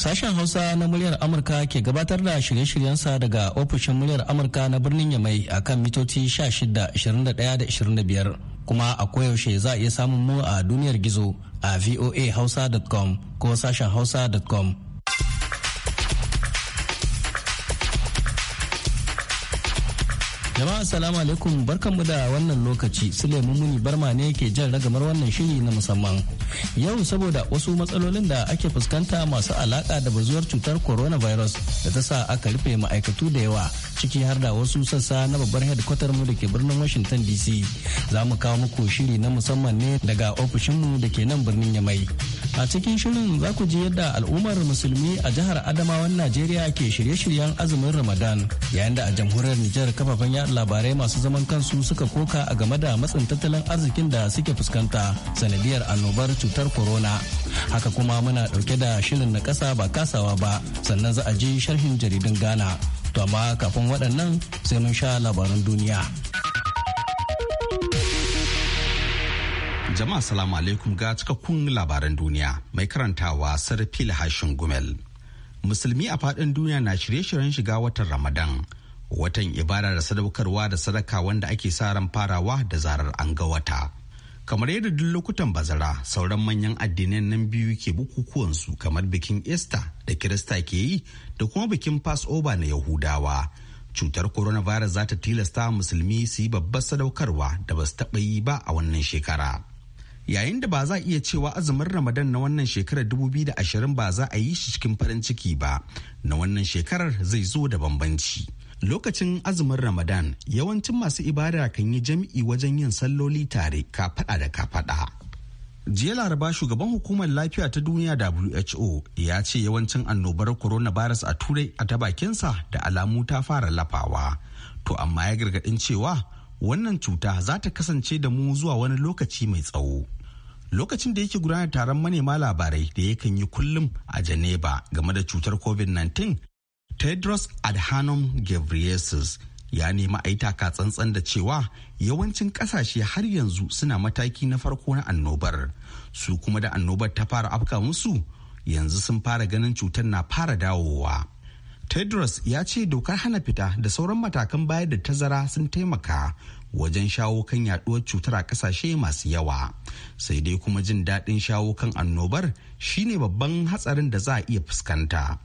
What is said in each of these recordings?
Sashen Hausa na muryar Amurka ke gabatar da shirye-shiryensa daga ofishin muryar Amurka na birnin Yamai a kan mitoci 16, 21 da kuma a koyaushe za a iya samun mu a duniyar gizo a voahausa.com ko sashen hausa.com Jama'a assalamu alaikum barkanmu da wannan lokaci Suleiman Muni Barma ne ke jan ragamar wannan shiri na musamman. Yau saboda wasu matsalolin da ake fuskanta masu alaka da bazuwar cutar coronavirus da ta sa aka rufe ma'aikatu da yawa ciki har da wasu sassa na babbar headquarter mu da ke birnin Washington DC. Za mu kawo muku shiri na musamman ne daga ofishinmu da ke nan birnin Yamai. A cikin shirin za ku ji yadda al'ummar musulmi a jihar Adamawan Najeriya ke shirye-shiryen azumin Ramadan yayin da a jamhuriyar Nijar kafafen yaɗa labarai masu zaman kansu suka koka a game da matsin tattalin arzikin da suke fuskanta sanadiyar annobar cutar corona. Haka kuma muna ɗauke da shirin na ƙasa ba kasawa ba sannan za a ji sharhin jaridun Ghana. To amma kafin waɗannan sai mun sha labaran duniya. Jama'a salamu alaikum ga cikakkun labaran duniya mai karantawa sarfil hashin gumel. Musulmi a faɗin duniya na shirye-shiryen shiga watan Ramadan. Watan ibada da sadaukarwa da sadaka wanda ake sa ran farawa da zarar an ga wata. Kamar yadda duk lokutan bazara sauran manyan addinan nan biyu ke bukukuwan su kamar bikin Easter da Kirista ke yi da kuma bikin Passover na Yahudawa. Cutar coronavirus za ta tilasta musulmi su yi babbar sadaukarwa da ba su taɓa yi ba a wannan shekara. yayin da ba za a iya cewa azumin ramadan na wannan shekarar 2020 ba za a yi shi cikin farin ciki ba na wannan shekarar zai zo da bambanci lokacin azumin ramadan yawancin masu ibada kan yi jami'i wajen yin salloli tare ka fada da fada jiya laraba shugaban hukumar lafiya ta duniya who ya ce yawancin annobar coronavirus a turai a ta bakinsa da alamu ta fara lafawa to amma ya gargadin cewa wannan cuta za ta kasance da mu zuwa wani lokaci mai tsawo lokacin da yake gudanar taron manema labarai da yakan yi kullum a Geneva game da cutar COVID-19, Tedros Adhanom Ghebreyesus ya nema a yi tsantsan da cewa yawancin kasashe har yanzu suna mataki na farko na annobar, su kuma da annobar ta fara afka musu yanzu sun fara ganin cutar na fara dawowa. Tedros ya ce dokar hana fita da sauran matakan bayar da tazara sun taimaka wajen shawo kan yaduwar cutar a kasashe masu yawa sai dai kuma jin daɗin shawo kan annobar shine babban hatsarin da za a iya fuskanta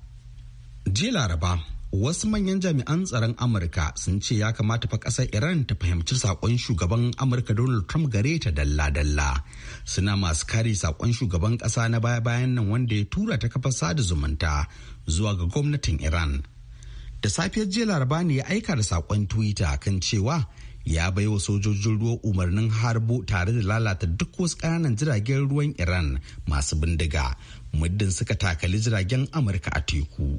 jiya laraba wasu manyan jami'an tsaron amurka sun ce ya kamata fa ƙasar iran ta fahimci saƙon shugaban amurka donald trump gare ta dalla-dalla suna masu kare saƙon shugaban ƙasa na baya-bayan nan wanda ya tura ta kafa sada zumunta zuwa ga gwamnatin iran da safiyar jiya laraba ne ya aika da saƙon twitter kan cewa ya bai wa sojojin ruwa umarnin harbo tare da lalata duk wasu ƙananan jiragen ruwan iran masu bindiga muddin suka takali jiragen amurka a teku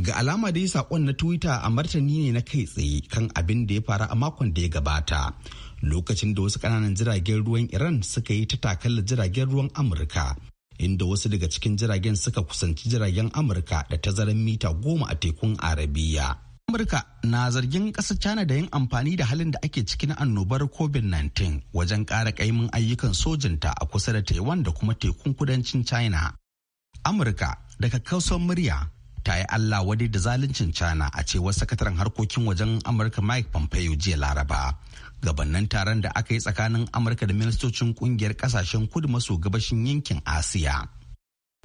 ga alama da yi saƙon na twitter a martani ne na kai tsaye kan abin da ya faru a makon da ya gabata lokacin da wasu ƙananan jiragen ruwan iran suka yi ta takalla jiragen ruwan amurka inda wasu daga cikin jiragen suka kusanci jiragen amurka da tazarar mita goma a tekun arabiya Amurka na zargin ƙasar China da yin amfani da halin da ake ciki na annobar COVID-19 wajen ƙara ƙaimin ayyukan sojinta a kusa da Taiwan da kuma tekun kudancin China. Amurka daga kausar murya ta yi Allah wadai da zaluncin China a cewar sakataren harkokin wajen Amurka Mike Pompeo jiya Laraba. Gabannin taron da aka yi tsakanin Amurka da ministocin kungiyar kasashen kudu maso gabashin yankin Asiya.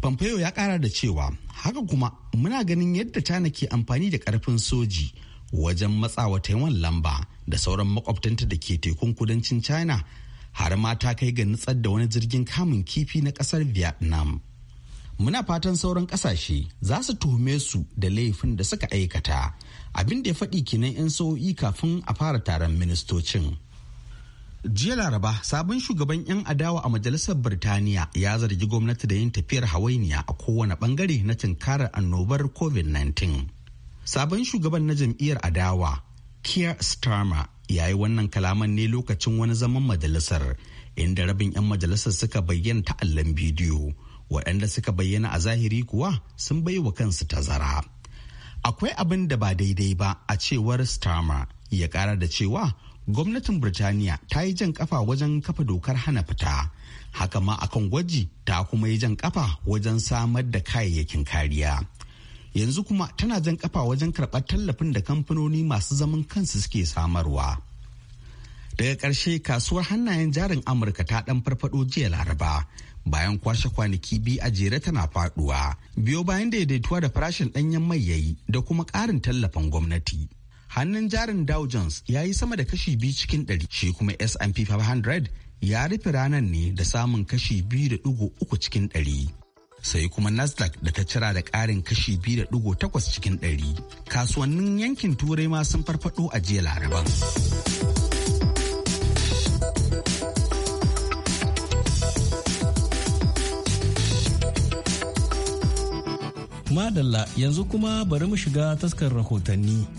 Pompeo ya kara da cewa haka kuma muna ganin yadda China ke amfani da karfin soji wajen matsawa Taiwan lamba da sauran makwabtanta da ke tekun kudancin China har ma ta kai ga nutsar da wani jirgin kamun kifi na kasar Vietnam. Muna fatan sauran kasashe za su tuhume su da laifin da suka aikata abin da ya faɗi kinan 'yan sa'o'i kafin a fara taron ministocin. jiya laraba sabon shugaban 'yan adawa a majalisar birtaniya ya zargi gwamnati da yin tafiyar hawainiya a kowane bangare na tunkarar annobar covid-19 sabon shugaban na jam'iyyar adawa kier starmer ya yi wannan kalaman ne lokacin wani zaman majalisar inda rabin 'yan majalisar suka bayyana ta'allan bidiyo waɗanda suka bayyana a zahiri kuwa sun baiwa kansu tazara akwai abin da ba daidai ba a cewar starmer ya kara da cewa gwamnatin Birtaniya ta yi jan kafa wajen kafa dokar hana fita. Haka ma akan gwaji ta kuma yi jan kafa wajen samar da kayayyakin kariya. Yanzu kuma tana jan kafa wajen karɓar tallafin da kamfanoni masu zaman kansu suke samarwa. Daga ƙarshe kasuwar hannayen jarin Amurka ta ɗan farfaɗo jiya Laraba bayan kwashe kwanaki biyu a jere tana faɗuwa biyo bayan daidaituwa da farashin ɗanyen mai yayi da kuma ƙarin tallafin gwamnati. hannun jarin Dow Jones ya yi sama da kashi biyu cikin ɗari shi kuma S&P 500 ya rufe ranar ne da samun kashi biyu da ɗigo uku cikin ɗari. Sai kuma Nasdaq da ta cira da ƙarin kashi biyu da ɗigo takwas cikin ɗari. Kasuwannin yankin Turai ma sun farfaɗo a jiya laraba Madalla yanzu kuma bari mu shiga taskar rahotanni.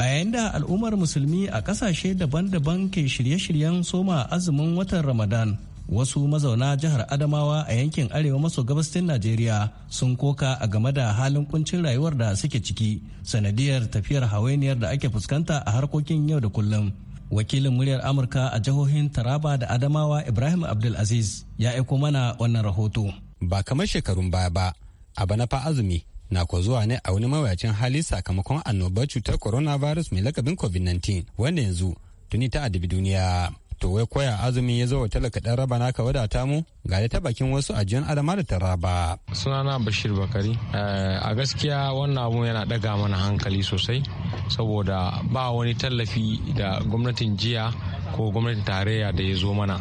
a yayin da al'ummar musulmi a kasashe daban-daban ke shirye-shiryen soma azumin watan ramadan wasu mazauna jihar adamawa a yankin arewa maso Gabastin, najeriya sun koka a game da halin kuncin rayuwar da suke ciki sanadiyar tafiyar hawainiyar da ake fuskanta a harkokin yau da kullum wakilin muryar amurka a jihohin taraba da adamawa ibrahim abdulaziz ya aiko mana wannan rahoto ba kamar shekarun baya ba a bana fa azumi na kwa zuwa ne a wani mawuyacin hali sakamakon annobar cutar coronavirus mai lakabin covid-19 wanda yanzu tuni ta adabi duniya to wai koya azumi ya zo wa talaka dan raba naka wadata mu ga ta bakin wasu a ajiyan adama da taraba sunana bashir bakari eh, a gaskiya wannan abu yana daga mana hankali sosai saboda ba wani tallafi da gwamnatin jiya ko gwamnatin tarayya da ya zo mana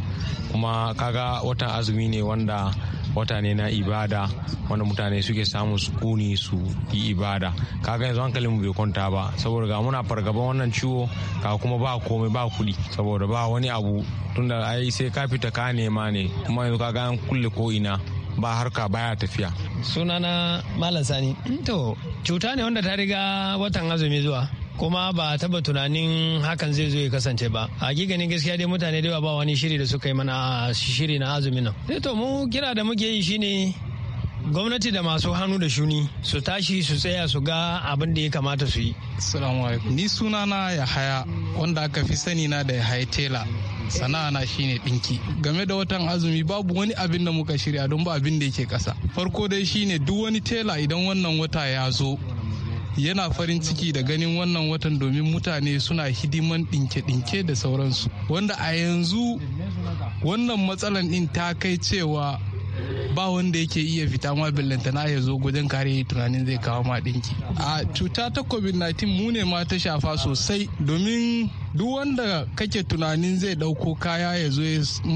kuma kaga watan azumi ne wanda wata ne na ibada wanda mutane suke samun sukuni su yi ibada kaga yanzu hankalin mu bai kwanta ba saboda ga muna fargaban wannan ciwo ka kuma ba komai ba kuɗi saboda ba wani abu tunda ai sai ka fita ka nema ne kuma yanzu kaga an kulle ko ina ba harka baya tafiya sunana malam sani to cuta ne wanda ta riga watan azumi zuwa kuma ba a taba tunanin hakan zai zo ya kasance ba hakikanin gaskiya dai mutane da ba wani shiri da suka yi mana shiri na azumin nan eh to mu kira da muke yi shine gwamnati da masu hannu da shuni su tashi su tsaya su ga abin da ya kamata su yi. Assalamu alaikum. Ni suna na ya haya wanda aka fi sani na da ya tela. sana'a na shine dinki game da watan azumi babu wani abin da muka shirya don ba abin da yake kasa farko dai shine duk wani tela idan wannan wata ya zo yana farin ciki da ganin wannan watan domin mutane suna hidiman dinke-dinke da sauransu wanda a yanzu wannan matsalan ɗin ta kai cewa ba wanda yake iya fita ma billantana ya zo gudun kare tunanin zai kawo ma dinki a cuta ta covid-19 mu ne ma ta shafa sosai domin duk wanda kake tunanin zai dauko kaya ya zo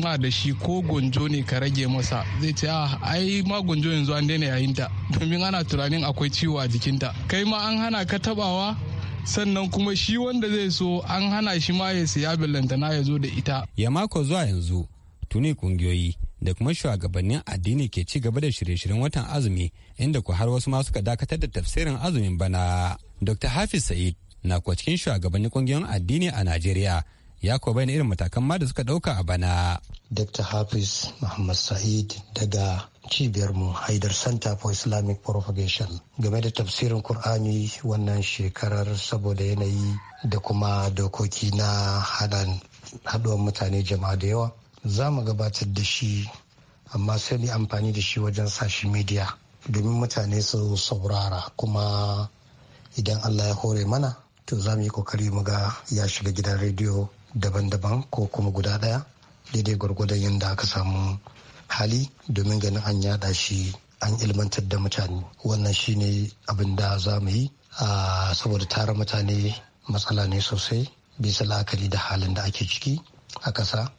ma da shi ko gonjo ne ka rage masa zai ce ah, ai ma gonjo yanzu an daina yayinta domin ana tunanin akwai ciwo a jikinta kai ma an hana ka tabawa sannan kuma shi wanda zai so an hana shi ma ya siya billantana ya zo da ita ya mako zuwa yanzu tuni kungiyoyi da kuma shugabannin addini ke ci gaba da shirye-shiryen watan azumi inda ku har wasu ma dakatar da tafsirin azumin bana. Dr. Hafiz Sa'id na kuwa cikin shugabannin kungiyoyin addini a Najeriya ya kuwa bayyana irin matakan ma da suka ɗauka a bana. Dr. Hafiz Muhammad Sa'id daga mu Haidar Center for Islamic Propagation game da tafsirin Kur'ani wannan shekarar saboda yanayi da kuma dokoki na haɗuwar mutane jama'a da yawa za mu gabatar da shi amma sai mu amfani da shi wajen sashi media domin mutane su saurara kuma idan allah ya hore mana to za mu yi kokari mu ga ya shiga gidan rediyo daban-daban ko kuma guda daya daidai gwargwadon yadda aka samu hali domin ganin an yada shi an ilmantar da mutane wannan shine abin da za mu yi saboda tara mutane matsala ne sosai bisa la'akari da halin da ake ciki a ƙasa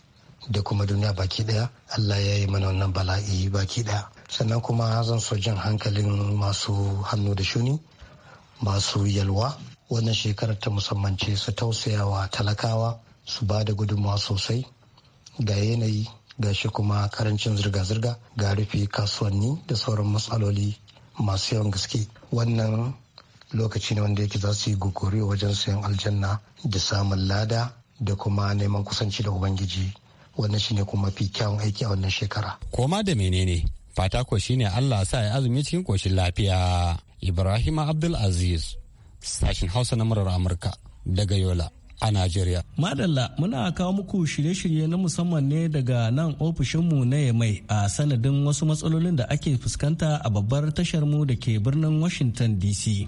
da kuma duniya baki daya allah ya yi mana wannan bala'i baki daya sannan kuma zan so jan hankalin masu hannu da shuni masu yalwa wannan shekarar ta musamman ce su tausayawa talakawa su ba da gudunmawa sosai ga yanayi ga shi kuma karancin zirga-zirga ga rufe kasuwanni da sauran matsaloli masu yawan gaske wannan lokaci ne wanda yake za su yi gogori wajen sayan aljanna da samun lada da kuma neman kusanci da ubangiji wannan shine kuma fi kyawun aiki a wannan shekara koma da menene fata ko shine Allah sa ya azumi cikin koshin lafiya Ibrahim Abdul Aziz sashin Hausa na murar Amurka daga Yola a Najeriya. Madalla muna kawo muku shirye-shirye na musamman ne daga nan ofishinmu na Yamai a sanadin wasu matsalolin da ake fuskanta a babbar tasharmu da ke birnin Washington DC.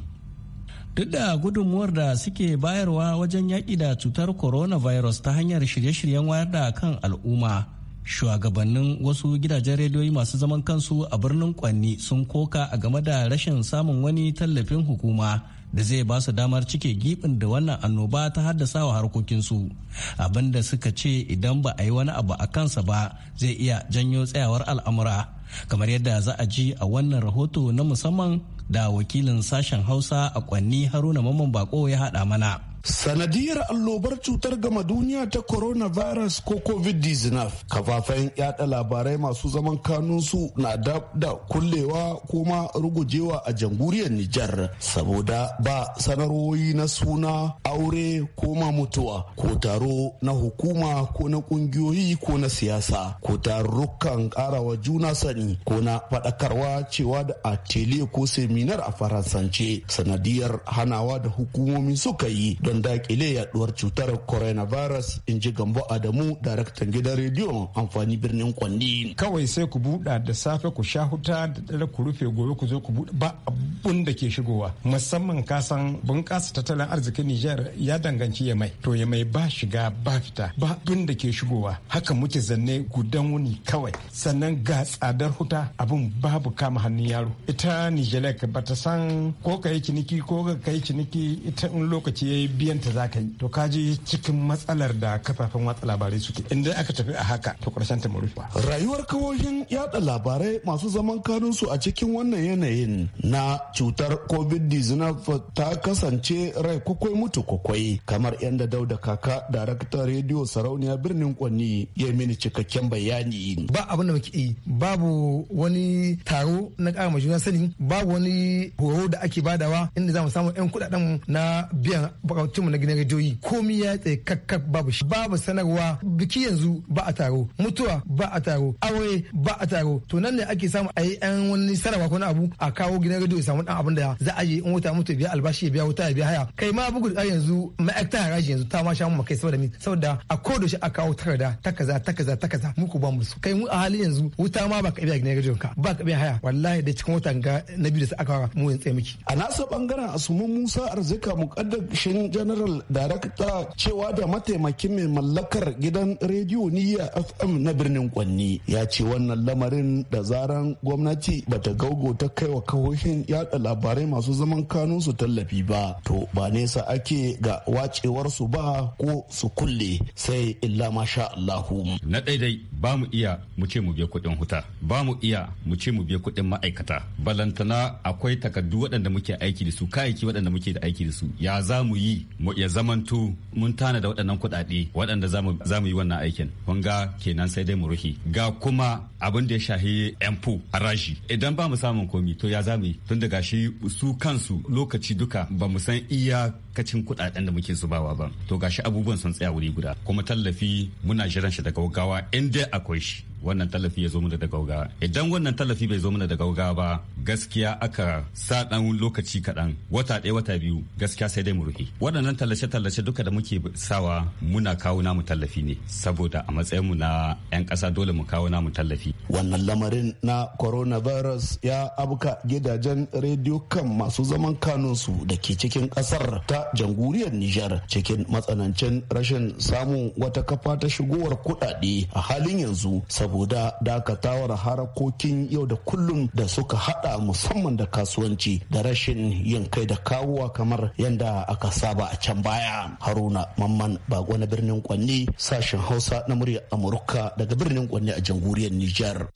duk da gudunmuwar da suke bayarwa wajen yaƙi da cutar coronavirus ta hanyar shirye-shiryen wayar da kan al'umma shugabannin wasu gidajen rediyoyi masu zaman kansu a birnin kwanni sun koka a game da rashin samun wani tallafin hukuma da zai ba su damar cike gibin da wannan annoba ta haddasa wa harkokinsu abinda suka ce idan ba a yi wani abu a kansa ba zai iya janyo tsayawar al'amura kamar yadda za a ji a wannan rahoto na musamman da wakilin sashen Hausa a Kwanni Haruna Mamman Bako ya haɗa mana. Sanadiyar allobar cutar gama duniya ta coronavirus ko COVID-19 kafafen yada labarai masu zaman kanunsu na da da kullewa kuma rugujewa a janguriyar Nijar saboda ba sanarwoyi na suna aure ko ma mutuwa ko taro na hukuma ko na kungiyoyi ko na siyasa ko tarurrukan karawa juna sani ko na faɗakarwa cewa da a tele ko sem minar a faransance sanadiyar hanawa da hukumomi suka yi don dakile yaduwar cutar coronavirus in ji gambo adamu daraktan gidan rediyo amfani birnin kwanni kawai sai ku buɗa da safe ku sha huta da dare ku rufe gobe ku zo ku buɗe ba abun da ke shigowa musamman kasan bunƙasa tattalin arzikin nijar ya danganci ya mai to ya mai ba shiga ba fita ba abun da ke shigowa haka muke zanne gudan wuni kawai sannan ga tsadar huta abun babu kama hannun yaro ita nijelek bata san ko ka yi ciniki ko ka yi ciniki ita in lokaci ya yi biyan ta zaka yi to ka je cikin matsalar da kafafen watsa labarai suke inda aka tafi a haka to karshen ta murufa rayuwar kawoshin yada labarai masu zaman kanun su a cikin wannan yanayin na cutar covid-19 ta kasance rai kwakwai mutu kwakwai kamar yadda dauda kaka darakta rediyo sarauniya birnin kwanni ya mini cikakken bayani ba abin da muke yi babu wani taro na kama juna sani babu wani horo da ake badawa inda za mu samu 'yan kudaden na biyan bukatunmu na gidan rediyoyi komi ya tsaye kakkak babu shi babu sanarwa biki yanzu ba a taro mutuwa ba a taro aure ba a taro to nan ne ake samu a yi 'yan wani sanarwa ko na abu a kawo gidan rediyo samu dan abin da za a yi in wuta mutu biya albashi ya biya wuta ya biya haya kai ma bugu da yanzu ma'aikata haraji yanzu ta ma sha mu kai saboda mi saboda a kodo shi a kawo takarda ta kaza ta kaza ta kaza ba mu su kai mu a halin yanzu wuta ma ba ka biya gidan rediyon ka ba ka biya haya wallahi da cikin watan ga na biyu da aka mu ya tsaye a nasa bangaren asuman musa arzika mukaddashin general director cewa da mataimakin mai mallakar gidan rediyo niyya fm na birnin kwanni ya ce wannan lamarin da zaran gwamnati bata gaugo ta kai wa kahohin yada labarai masu zaman kanun su tallafi ba to ba nesa ake ga wacewar su ba ko su kulle sai illa masha Allahu na daidai ba mu iya mu ce mu biya kuɗin huta ba mu iya mu ce mu biya kuɗin ma'aikata balantana akwai takardu waɗanda muke aiki da su kayayyaki waɗanda muke da aiki da su ya za mu yi ya zamanto mun tana da waɗannan kuɗaɗe waɗanda za mu yi wannan aikin kun ga kenan sai dai mu rufe ga kuma abin da ya shahi empo haraji idan ba mu samun komi to ya za mu yi tun daga shi su kansu lokaci duka ba mu san iya iyakacin kuɗaɗen da muke zubawa ba to gashi abubuwan sun tsaya wuri guda kuma tallafi muna jiran shi da gaugawa in akwai shi wannan tallafi ya zo mana da gaugawa idan wannan tallafi bai zo mana da gaugawa ba gaskiya aka sa dan lokaci kaɗan wata ɗaya wata biyu gaskiya sai dai mu rufe waɗannan tallace-tallace duka da muke sawa muna kawo namu tallafi ne saboda a matsayinmu na 'yan ƙasa dole mu kawo namu tallafi wannan lamarin na coronavirus ya abuka gidajen rediyo kan masu zaman kanunsu da ke cikin ƙasar ta jamhuriyar Nijar cikin matsanancin rashin samun wata kafa ta shigowar kuɗaɗe a halin yanzu saboda dakatawar harakokin yau da kullum da suka haɗa musamman da kasuwanci da rashin yin kai da kawowa kamar yadda aka saba a can baya. Haruna Mamman Bago na birnin Kwanni sashen Hausa na muryar Amurka daga birnin Kwanni a jamhuriyar Nijar.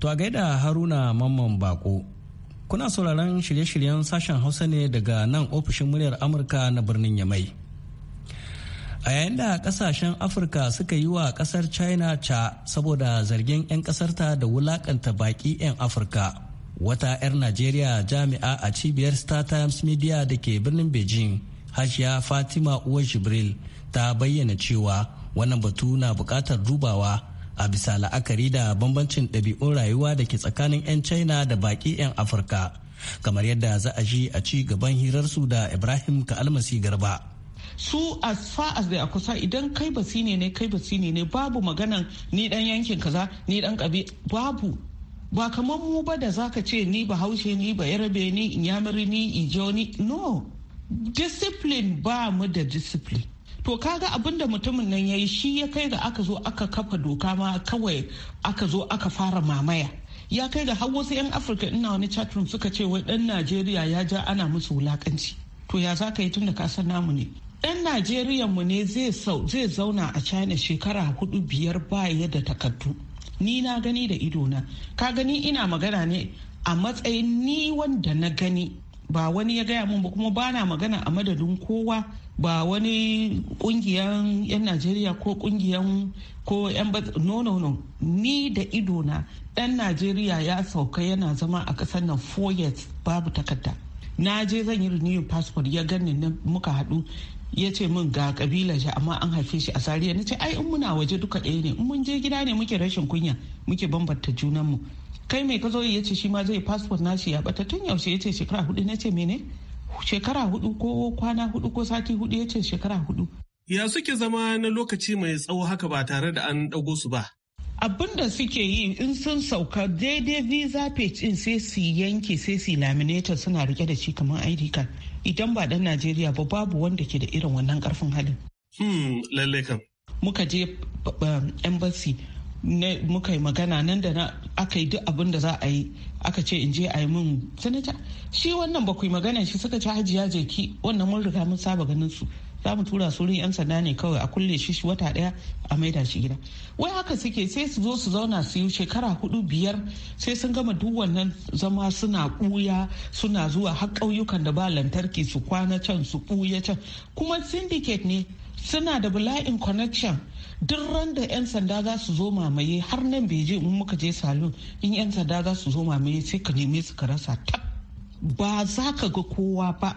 To a gaida Haruna Mamman Bako Kuna sauraron shirye-shiryen sashen Hausa ne daga nan ofishin muryar Amurka na birnin Yamai. A yayin da kasashen Afirka suka yi wa kasar China ca saboda zargin 'yan kasarta da wulakanta baki 'yan Afirka. Wata 'yar Najeriya jami'a a cibiyar Star Times Media da ke birnin Beijing, Hajiya Fatima Uwar Jibril ta bayyana cewa wannan batu na bukatar dubawa a bisa la'akari da bambancin ɗabi'un rayuwa da ke tsakanin 'yan china da baki 'yan afirka kamar yadda za a ji a ci gaban hirarsu da ibrahim ka almasi garba su as far as da kusa idan kai basi ne kai basi ne babu maganan ni dan yankin kaza ni dan kabi babu ba kamar mu ba da zaka ce ni bahaushe ni ba yarabe ni inyamiri ni ijo no discipline ba mu da discipline to kaga abin da mutumin nan ya yi shi ya kai ga aka zo aka kafa doka ma kawai aka zo aka fara mamaya ya kai ga har wasu 'yan afirka ina wani chatroom suka ce wai dan najeriya ya ja ana musu wulakanci to ya za ka yi tun da kasar namu ne dan najeriya mu ne zai zauna a china shekara hudu biyar baya da takardu ni na gani da ido na ka gani ina magana ne a matsayin ni wanda na gani ba wani ya gaya mun ba kuma ba na magana a madadin kowa ba wani kungiyan 'yan najeriya ko kungiyan ko 'yan no no no ni da idona dan najeriya ya sauka yana zama a kasar nan 4 babu takarda na je zan yi renewing passport ya gani na muka haɗu ya ce min ga kabila shi amma an haife shi a sariya na ce ai in muna waje duka ɗaya ne in mun je gida ne muke rashin kunya muke bambanta junanmu kai mai ka zo ya ce shi ma zai passport nashi ya bata tun yaushe ya ce shekara hudu na ce mene shekara hudu ko kwana hudu ko sati hudu ya ce shekara hudu. Ya suke zama na lokaci mai tsawo haka ba tare da an dago su ba. Abin da suke yi in sun sauka daidai visa page in sai su yanke sai su laminator suna rike da shi kamar ID card. Idan ba dan Najeriya ba babu wanda ke da irin wannan karfin halin. Hmm, lallai kam. Muka je um, embassy ne muka yi magana nan da na aka yi duk abin da za a yi aka ce in je a yi min sanata shi wannan ba ku yi magana shi suka ci hajiya jeki wannan mun riga mun saba ganin su za mu tura su yan sanda ne kawai a kulle shi shi wata daya a maida shi gida wai haka suke sai su zo su zauna su yi shekara hudu biyar sai sun gama duk wannan zama suna buya suna zuwa har ƙauyukan da ba lantarki su kwana can su buya can kuma syndicate ne suna da bala'in connection duk randa 'yan sanda za su zo mamaye har nan beji in muka je salon in 'yan sanda za su zo mamaye sai ka neme su ka rasa tab ba za ka ga kowa ba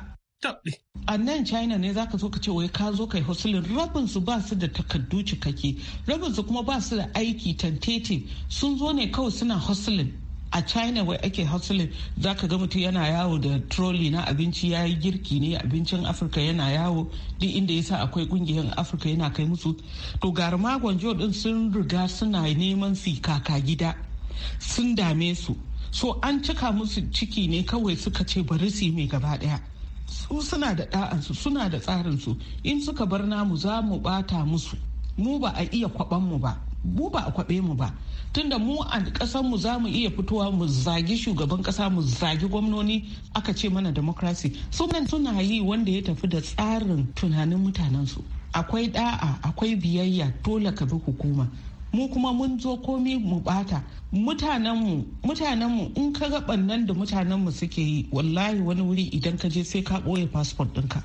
a nan china ne za ka zo ka ce wai ka zo kai hustling rabin su ba su da takardu cikakke rabin su kuma ba su da aiki tantete sun zo ne kawai suna hustling a china wai ake hustling za ka ga mutum yana yawo da trolley na abinci ya yi girki ne abincin afirka yana yawo duk inda yasa akwai kungiyar afirka yana kai musu to garma gwanjo din sun riga suna neman su kaka gida sun dame su so an cika musu ciki ne kawai suka ce bari su mai gaba daya su suna da da'ansu suna da tsarinsu in suka bar namu za mu bata musu mu ba a iya kwaban mu ba mu ba a kwabe mu ba tunda mu a ƙasar mu zamu iya fitowa mu zagi shugaban ƙasa mu zagi gwamnoni aka ce mana democracy sunan suna yi wanda ya tafi da tsarin tunanin mutanensu akwai da'a akwai biyayya dole ka bi hukuma mu kuma mun zo komi mu bata mutanenmu mu in ka ga bannan da mutanenmu suke yi wallahi wani wuri idan ka je sai ka ɓoye fasfon ɗinka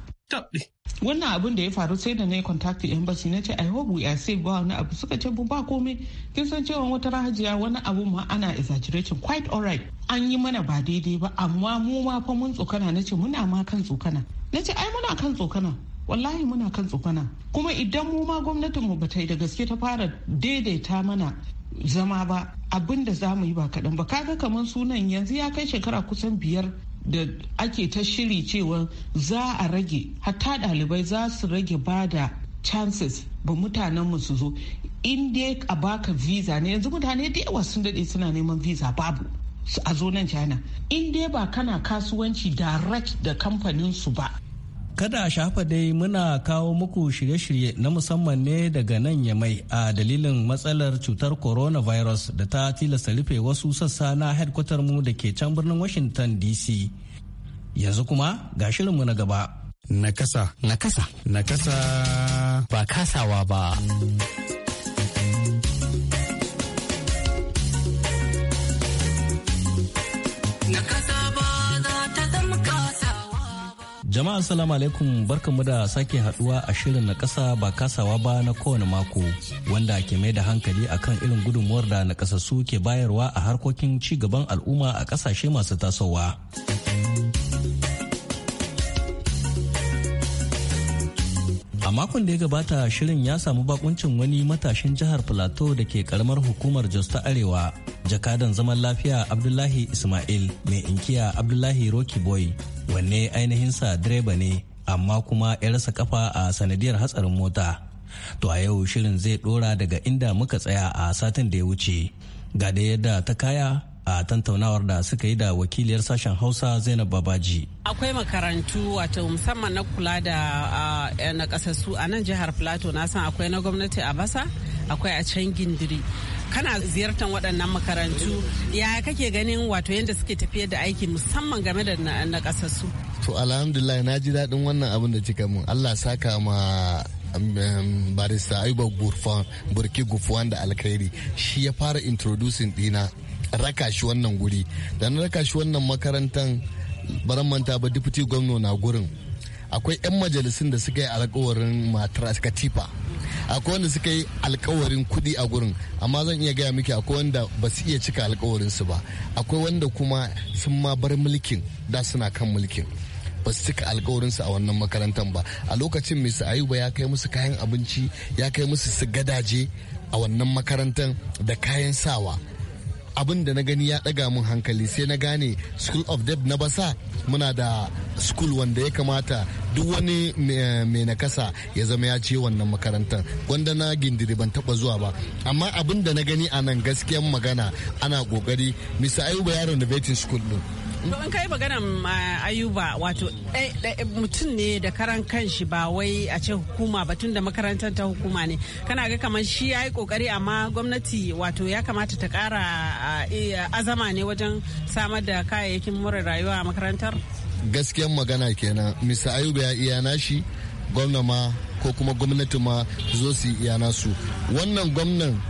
wannan abin da ya faru sai da na yi kontakti embassy na ce ai hope we are safe ba wani abu suka ce ba komai kin san cewa wata rahajiya wani abu ma ana exaggerating quite alright an yi mana ba daidai ba amma mu ma fa mun tsokana na ce muna ma kan tsokana na ce ai muna kan tsokana wallahi muna kan tsokana kuma idan mu ma gwamnatin mu bata yi da gaske ta fara daidaita mana zama ba abin da za mu yi ba kaɗan ba kaga kamar sunan yanzu ya kai shekara kusan biyar da ake ta shiri cewa za a rage hatta ɗalibai za su rage ba da chances ba mutanenmu su zo in dai a baka visa ne yanzu mutane da yawa sun daɗe suna neman visa babu a zo nan china in dai ba kana kasuwanci direct da kamfanin su ba Kada a shafa dai muna kawo muku shirye-shirye na musamman ne daga nan yamai a dalilin matsalar cutar coronavirus da ta tilasta rufe wasu sassa na headquarter mu da ke can birnin Washington DC. Yanzu kuma ga shirinmu na gaba. Nakasa. Nakasa. Nakasa. Ba kasawa ba. Jama'a salamu alaikum barkanmu da sake haduwa a shirin na kasa ba kasawa ba na kowane mako wanda ke mai da hankali akan irin gudunmuwar da na ke bayarwa a harkokin ci gaban al'umma a kasashe masu tasowa. A makon da ya gabata shirin ya samu bakuncin wani matashin jihar Plateau da ke karamar hukumar Jos ta Arewa, jakadan zaman lafiya Abdullahi Ismail mai inkiya Abdullahi Rocky Boy, wanne ainihinsa direba ne, amma kuma ya rasa kafa a sanadiyar hatsarin mota. To a yau shirin zai dora daga inda muka tsaya a satin da ya wuce. Ga da yadda ta kaya a tantaunawar da suka yi da wakiliyar sashen hausa zainab babaji akwai makarantu wato musamman na kula da eh, na kasassu a nan jihar plateau na san akwai na gwamnati a basa akwai a can gindiri kana ziyartar waɗannan makarantu ya kake ganin wato yadda suke tafiyar da aiki musamman game da kasassu to alhamdulillah na ji daɗin wannan abin da kika mun allah saka ma um, um, barista ayuba burki gufuwan da alkhairi shi ya fara introducing dina raka shi wannan guri da na raka shi wannan makarantar baran manta ba deputy gwamna na gurin akwai 'yan majalisun da suka yi alkawarin matras katifa akwai wanda suka yi alkawarin kudi a gurin amma zan iya gaya miki akwai wanda ba su iya cika alkawarin su ba akwai wanda kuma sun ma bar mulkin da suna kan mulkin ba su cika su a wannan makarantar ba a lokacin sa'ayi ayuba ya kai musu kayan abinci ya kai musu su gadaje a wannan makarantar da kayan sawa abin da na gani ya ɗaga mun hankali sai na gane school of deb na basa muna da school wanda ya kamata duk wani mai nakasa ya zama ya ce wannan makarantar wanda na gindiri ban taba zuwa ba amma abin da na gani a nan gaskiyan magana ana kokari misa ayuba ya renovating school din To in kai maganan eh, Ayuba wato eh, eh, mutum ne da karan kanshi ba wai a ce hukuma ba tun da makarantar ta hukuma ne. Kana ga kamar shi ya yi kokari amma gwamnati wato ya kamata ta kara azama ne wajen samar da kayayyakin more rayuwa a makarantar? Gaskiyan magana kenan. Mr. Ayuba ya iya nashi gwamna ma ko kuma gwamnati ma zo su iya nasu. Wannan gwamnan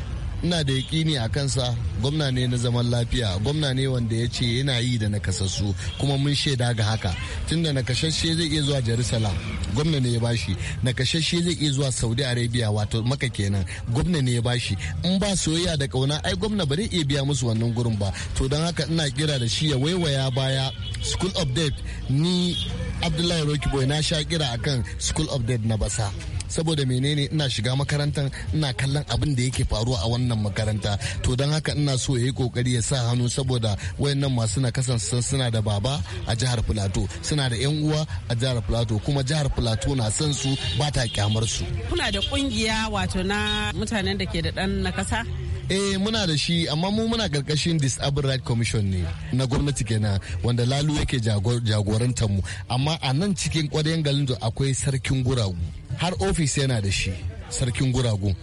ina da yaƙini a kansa gwamna ne na zaman lafiya gwamna ne wanda ya ce yana yi da nakasassu kuma mun shaida ga haka tunda nakashashe zai iya zuwa jerusalem gwamna ne ya bashi kashashe zai iya zuwa saudi arabia wato maka kenan gwamna ne ya bashi in ba soyayya da kauna ai gwamna ba zai iya biya musu wannan gurin ba to don haka ina kira da shi ya waiwaya baya school of death ni abdullahi rokiboy na sha kira akan school of death na basa saboda menene ina shiga makarantar ina kallon abin da yake faruwa a wannan makaranta to don haka ina so ya yi kokari ya sa hannu saboda wayannan masu na kasance suna da baba a jihar Filato suna da yan uwa a jihar Filato kuma jihar Filato na son su ba ta kyamar su kuna da kungiya wato na mutanen da ke da dan nakasa eh muna da shi amma mu muna karkashin disabled right commission ne na gwamnati kenan wanda lalu yake jagorantar mu amma a nan cikin kwadayen galindo akwai sarkin guragu har ofis yana da shi sarkin guragu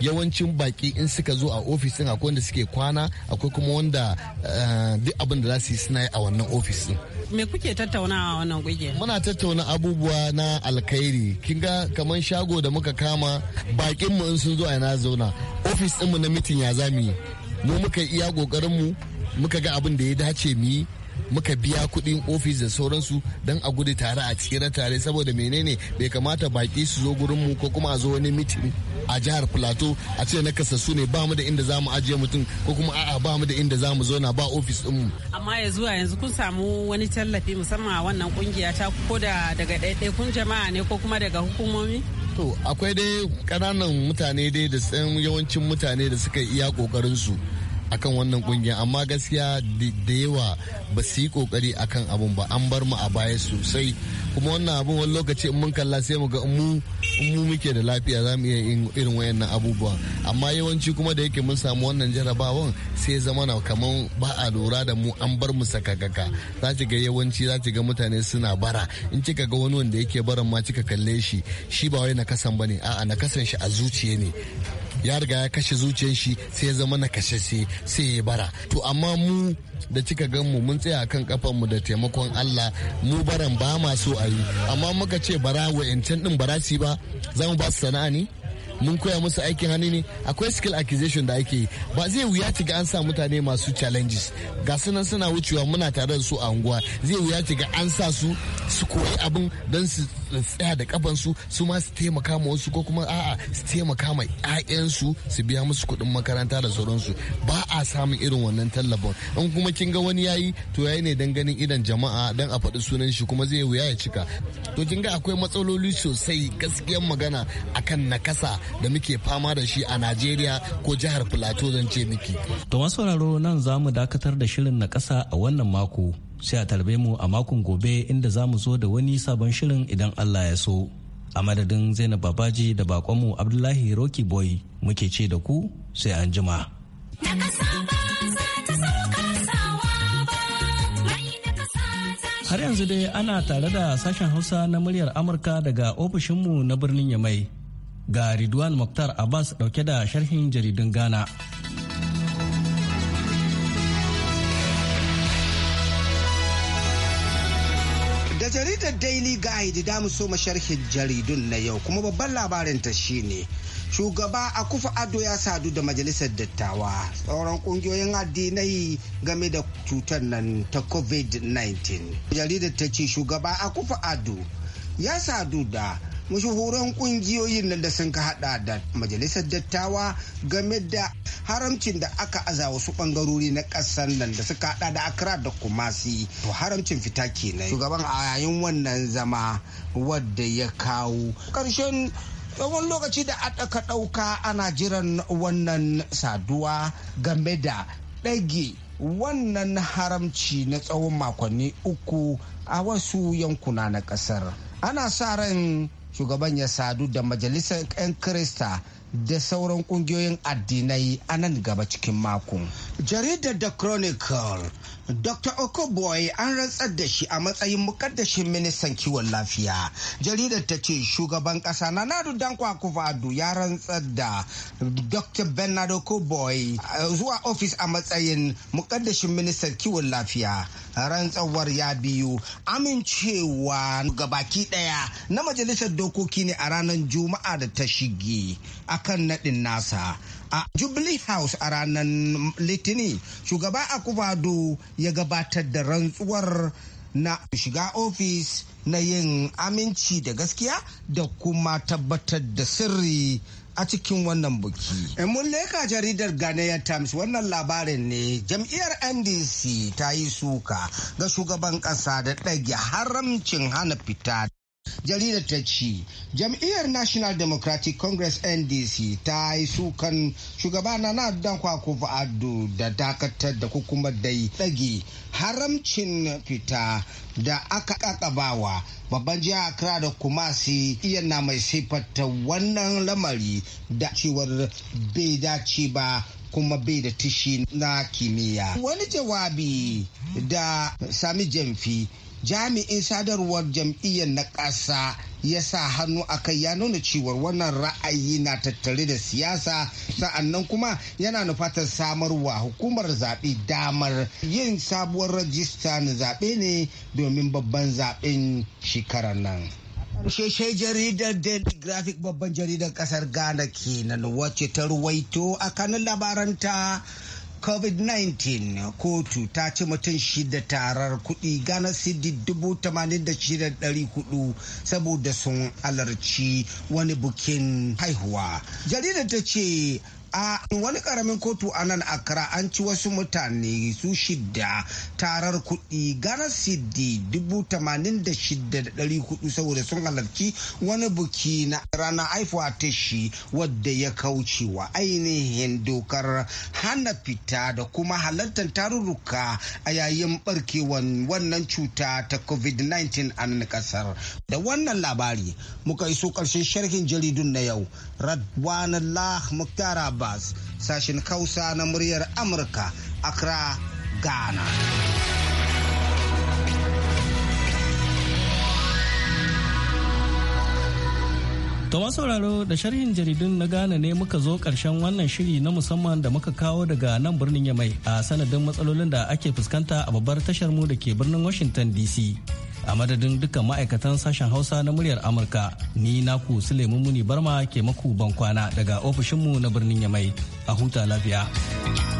yawancin baki in suka zo a ofis din akwai wanda suke kwana akwai kuma wanda eh, duk abin da za su yi suna yi a wannan ofis din me kuke tattauna a wannan kuke muna tattauna abubuwa na alkhairi kin ga kamar shago da muka kama bakin mu in sun zo a na zauna ofis din mu na mitin ya zamu yi mu muka iya kokarin mu muka ga abin da ya dace mu muka biya kuɗin ofis da sauransu don a gudu tare a tsira tare saboda menene bai kamata baki su zo gurin mu ko kuma a zo wani mitin a jihar plateau a ce na kasassu ne ba mu da inda za mu ajiye mutum ko kuma a'a ba mu da inda za mu zauna ba ofis ɗinmu. amma ya zuwa yanzu kun samu wani tallafi musamman a wannan kungiya ta ko da daga ɗaiɗaikun jama'a ne ko kuma daga hukumomi. to akwai dai ƙananan mutane dai da yawancin mutane da suka iya ƙoƙarinsu. su akan wannan kungiya amma gaskiya da yawa ba su yi kokari akan abun ba an bar mu a baya sosai kuma wannan abun wani lokaci in mun kalla sai mu ga mu mu muke da lafiya za mu iya yin irin wayannan abubuwa amma yawanci kuma da yake mun samu wannan jarabawan sai zama na kaman ba a lura da mu an bar mu sakakaka za ki ga yawanci za ki ga mutane suna bara in kika ga wani wanda yake baran ma kika kalle shi shi ba wai na nakasan bane a'a na kasan shi a zuciya ne ya riga ya kashe zuciyar shi sai ya zama na kashe sai ya bara to amma mu da kika gan mu mun tsaya kan mu da taimakon Allah mu baran ba ma so a yi amma muka ce bara wa'ancan din bara ba za mu ba su sana'a ne mun koya musu aikin hannu ne akwai skill acquisition da ake yi ba zai wuya ki ga an sa mutane masu challenges ga sunan suna wucewa muna tare da su a unguwa zai wuya ki ga an sa su su koyi abin don su tsaya da kafan su ma su taimaka ma wasu ko kuma a'a su taimaka ma 'ya'yansu su biya musu kuɗin makaranta da su ba a samun irin wannan tallafin in kuma kin ga wani yayi to yayi ne dan ganin idan jama'a dan a faɗi sunan shi kuma zai wuya ya cika to kin ga akwai matsaloli sosai gaskiyar magana akan nakasa da muke fama da shi a Najeriya ko jihar Plateau zan ce miki. To masu sauraro nan za mu dakatar da shirin na ƙasa a wannan mako sai a tarbe mu a makon gobe inda za mu zo da wani sabon shirin idan Allah ya so. A madadin Zainab Babaji da bakonmu Abdullahi Roki Boy muke ce da ku sai an jima. Har yanzu dai ana tare da sashen Hausa na muryar Amurka daga ofishinmu na birnin Yamai. ga Ridwan Mokhtar Abbas dauke da sharhin jaridun Ghana. Da jaridar Daily Guide da mu so sharhin jaridun na yau kuma babban labarin ta shine shugaba akufa ado ya sadu da majalisar dattawa tsoron kungiyoyin addinai game da cutar nan ta covid-19 jaridar ta ce shugaba akufa ado ya sadu da mashahuran kungiyoyin nan da sun ka hada da majalisar dattawa game da haramcin da aka aza wasu bangarori na kasar nan da suka hada da akra da Kumasi to haramcin fita kenan shugaban a yayin wannan zama wadda ya kawo karshen tsawon lokaci da aka ɗauka ana jiran wannan saduwa game da ɗage wannan haramci na tsawon makonni uku a wasu yankuna na ƙasar ana sa ran shugaban ya sadu da majalisar 'yan krista da sauran kungiyoyin addinai a nan gaba cikin mako. jaridar the chronicle dr okoboy an rantsar da shi a matsayin mukaddashin ministan kiwon lafiya jaridar ta ce shugaban kasa na nadu dankwa kwakufadu ya rantsar da dr bernard okoboy eh, zuwa ofis a matsayin mukaddashin ministan kiwon lafiya rantsawar ya biyu amincewa gabaki daya na majalisar dokoki ne a ranar juma'a da ta shige a kan naɗin nasa a jubilee house a ranar litinin shugaba kubado ya gabatar da rantsuwar na shiga ofis na yin aminci da gaskiya da kuma tabbatar da sirri a cikin wannan buki. Eh, mun leka jaridar Ghanaian Times wannan labarin ne jam'iyyar NDC ta yi suka ga shugaban ƙasa da ɗage haramcin hana fita jaridar ta ce jam'iyyar national democratic congress ndc ta yi sukan shugaba na nadan kwakufu ado da dakatar da kuma dai tsage haramcin fita da aka kakabawa babban jiha Accra da Kumasi yana mai siffata wannan lamari da cewar bai dace ba kuma bai da tishi na kimiyya. Wani jawabi da Sami Jamfi jami'in sadarwar jam'iyyar na ƙasa ya sa hannu a kai ya nuna cewar wannan ra'ayi na tattare da siyasa sa'annan kuma yana nufatar samarwa hukumar zaɓe damar yin sabuwar rajista na zaɓe ne domin babban zaɓen shekarar nan. Sheshe jaridar Daily Graphic babban jaridar kasar Ghana kenan wacce ta ruwaito a kanin labaranta covid-19 kotu ta ci mutum shida tarar kudi gana sidi dubu tamanin da shida dari hudu saboda sun alarci wani bukin haihuwa jaridar ta ce a wani karamin kotu a nan akra an ci wasu mutane su shida. tarar kuɗi gana cedi dubu tamanin da shida da ɗari kuɗi saboda sun halarci wani buki na ranar haifuwa ta shi wadda ya kaucewa ainihin dokar hana fita da kuma halartar tarurruka a yayin barkewan wannan cuta ta covid-19 a nan kasar da wannan labari muka iso ƙarshen sharhin jaridun na yau Radwanullah Muktar Abbas sashen Hausa na muryar Amurka Accra Ghana. Tama sauraro da sharhin jaridun na Ghana ne muka zo karshen wannan shiri na musamman da muka kawo daga nan birnin Yamai a sanadin matsalolin da ake fuskanta a babbar tashar mu da ke birnin Washington DC. a madadin dukkan ma'aikatan sashen hausa na muryar amurka ni naku suleiman muni barma ke maku bankwana daga ofishinmu na birnin yamai a huta lafiya.